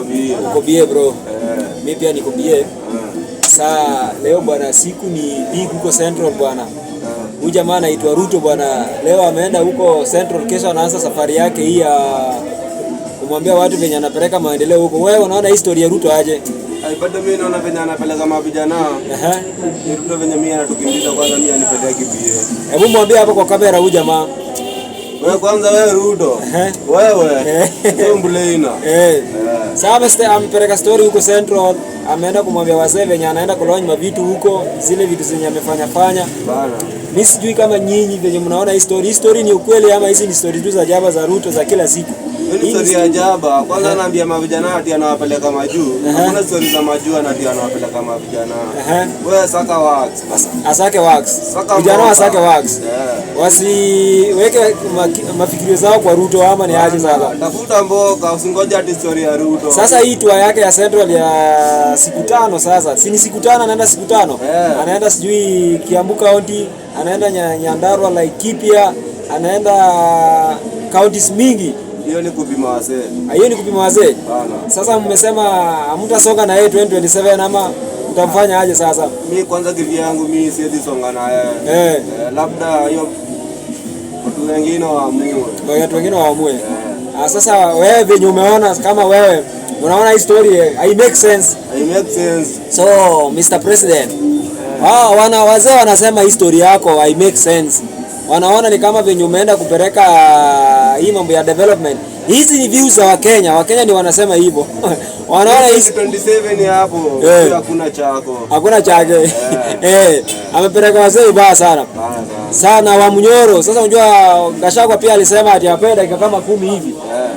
Niko bie bro. Yeah. Mimi pia niko bie. Yeah. Saa leo bwana, siku ni big huko Central bwana. Huyu yeah, jamaa anaitwa Ruto bwana, leo ameenda huko Central, kesho anaanza safari yake hii ya kumwambia watu venye anapeleka maendeleo huko. Wewe unaona historia Ruto aje? Bado mimi naona venye anapeleza mavijana. Ruto venye mimi anatukimbiza kwanza, mimi anipeleka kibie. Hebu mwambie hapo kwa kamera huyu jamaa Eh. Wewe kwanza wewe Rudo. Wewe. Tumbulina. Eh. eh. Sasa basi ampeleka story huko Central, ameenda kumwambia wazee venye anaenda kulonya mavitu huko, zile vitu zenye amefanya fanya. Bana. Mimi sijui kama nyinyi venye mnaona hii story, story ni ukweli ama hizi ni story tu za jaba za Ruto za kila siku. Hii story ya jaba, kwanza eh. anaambia mavijana ati anawapeleka majuu. Kuna story za majuu ati anawapeleka mavijana. Wewe Saka Wax. Asake Wax. Vijana wa Saka Wax. Yeah wasiweke mafikirio zao kwa Ruto ama ni aje sasa. Tafuta mboga, usingoje hadi story ya Ruto. Sasa hii tour yake ya Central ya siku tano sasa, si ni siku tano anaenda siku tano yeah. Anaenda sijui Kiambu County, anaenda Nyandarua, like Laikipia, anaenda counties mingi hiyo ni kupima wazee. Ah, hiyo ni kupima wazee. Sasa mmesema hamtasonga na yeye 2027 ama utamfanya aje sasa? Mimi kwanza kivi yangu mimi siwezi songa na yeye. Eh. eh labda hiyo wengine waamue. wengine waamue. Ah, sasa wewe venye umeona, kama wewe unaona hii story hai eh, make sense, hai make sense. So Mr President, Ah, eh. yeah. Wana wazee wanasema hii story yako hai make sense, wanaona ni kama venye umeenda kupeleka ah, hii mambo ya development. Hizi ni views za Wakenya, Wakenya ni wanasema hivyo wanaona hizi 27 hapo eh. hakuna chako, hakuna chake eh, eh, amepeleka wazee baya sana sana sana wa Mnyoro. Sasa unajua Gashagwa pia alisema ati ape dakika kama kumi hivi yeah.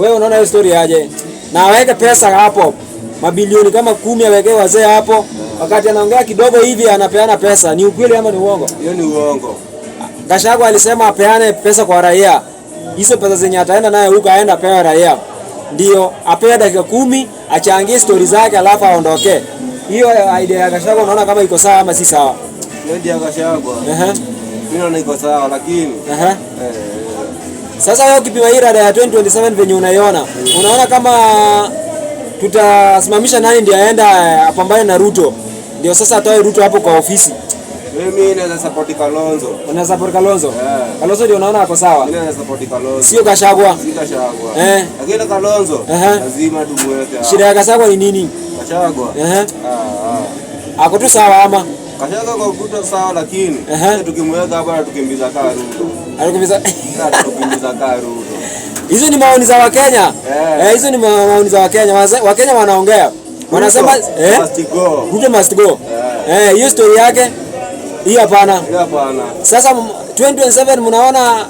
Wewe unaona hiyo story aje? Na aweke pesa hapo mabilioni kama kumi awekee wazee hapo, wakati anaongea kidogo hivi anapeana pesa. Ni ukweli ama ni uongo? Hiyo ni uongo. Gashagwa alisema apeane pesa kwa raia, hizo pesa zenye ataenda naye huko aenda pewa raia ndio apewe dakika kumi achangie stori zake, alafu aondoke. Hiyo idea ya Gachagua unaona kama iko sawa ama si sawa? Ndio ya Ehe, mimi naona iko sawa, lakini ehe, eh. sasa wewe ukipima hii rada ya 2027 venye unaiona, unaona kama tutasimamisha nani ndio aenda apambane na Ruto, ndio sasa atoe Ruto hapo kwa ofisi mimi naweza support Kalonzo. Unaweza support Kalonzo? Yeah. Kalonzo ndio unaona ako sawa. Mimi naweza support Kalonzo. Sio Gachagua. Sio Gachagua. Eh. Lakini Kalonzo uh -huh. lazima tumweke. Shida ya Gachagua ni nini? Gachagua. Eh. Uh ah, -huh. Ah. Ako tu sawa ama? Gachagua kwa kuta sawa lakini uh -huh. tukimweka hapa na tukimbiza karu. Alikimbiza. Tukimbiza karu. Hizo ni maoni za Wakenya. Eh, yeah. hizo ni maoni za Wakenya. Wakenya wanaongea. Wanasema eh. Must go. Ruto must go. Eh, eh hiyo story yake hii hapana. Sasa 2027 mnaona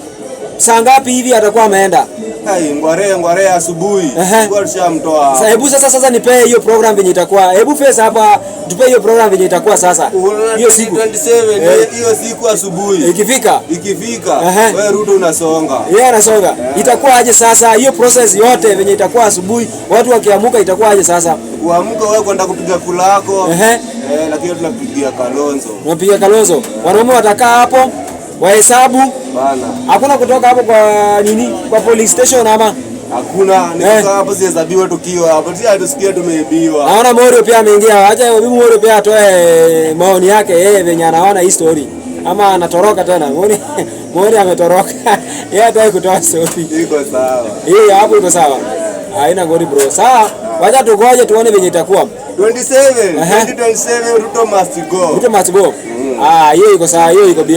saa ngapi hivi atakuwa ameenda? Hai, Ngware ngware asubuhi. Uh -huh. Alishamtoa. Sasa hebu sasa sasa nipe hiyo program venye itakuwa. Hebu pesa hapa tupe hiyo program venye itakuwa sasa. Hiyo siku 27 eh. hiyo eh, siku asubuhi. Ikifika? Ikifika. Uh -huh. Wewe Ruto unasonga. Yeye yeah, anasonga. Yeah. Itakuwa aje sasa hiyo process yote venye itakuwa asubuhi watu wakiamuka itakuwa aje sasa? Kuamuka wewe kwenda kupiga kula yako. Uh -huh. Eh, lakini tunapigia Kalonzo. Mpigia Kalonzo. Yeah. Wanaume watakaa hapo wahesabu. Bana. Hakuna kutoka hapo kwa nini? Kwa police station ama? Hakuna. Ni eh, hapo sihesabiwa tukiwa hapo. Sisi hatusikia tumeibiwa. Naona Morio pia ameingia. Acha bibi Morio pia atoe eh, maoni yake yeye venye anaona hii story. Ama anatoroka tena. Muone muone ametoroka. Yeye hataki kutoa story. Iko sawa. Hii hapo iko sawa. Haina gori bro. Sawa. Wacha tugoje tuone venye itakuwa. 27, 2027 Ruto must go. Ruto must go. Ah, hiyo iko sawa, hiyo iko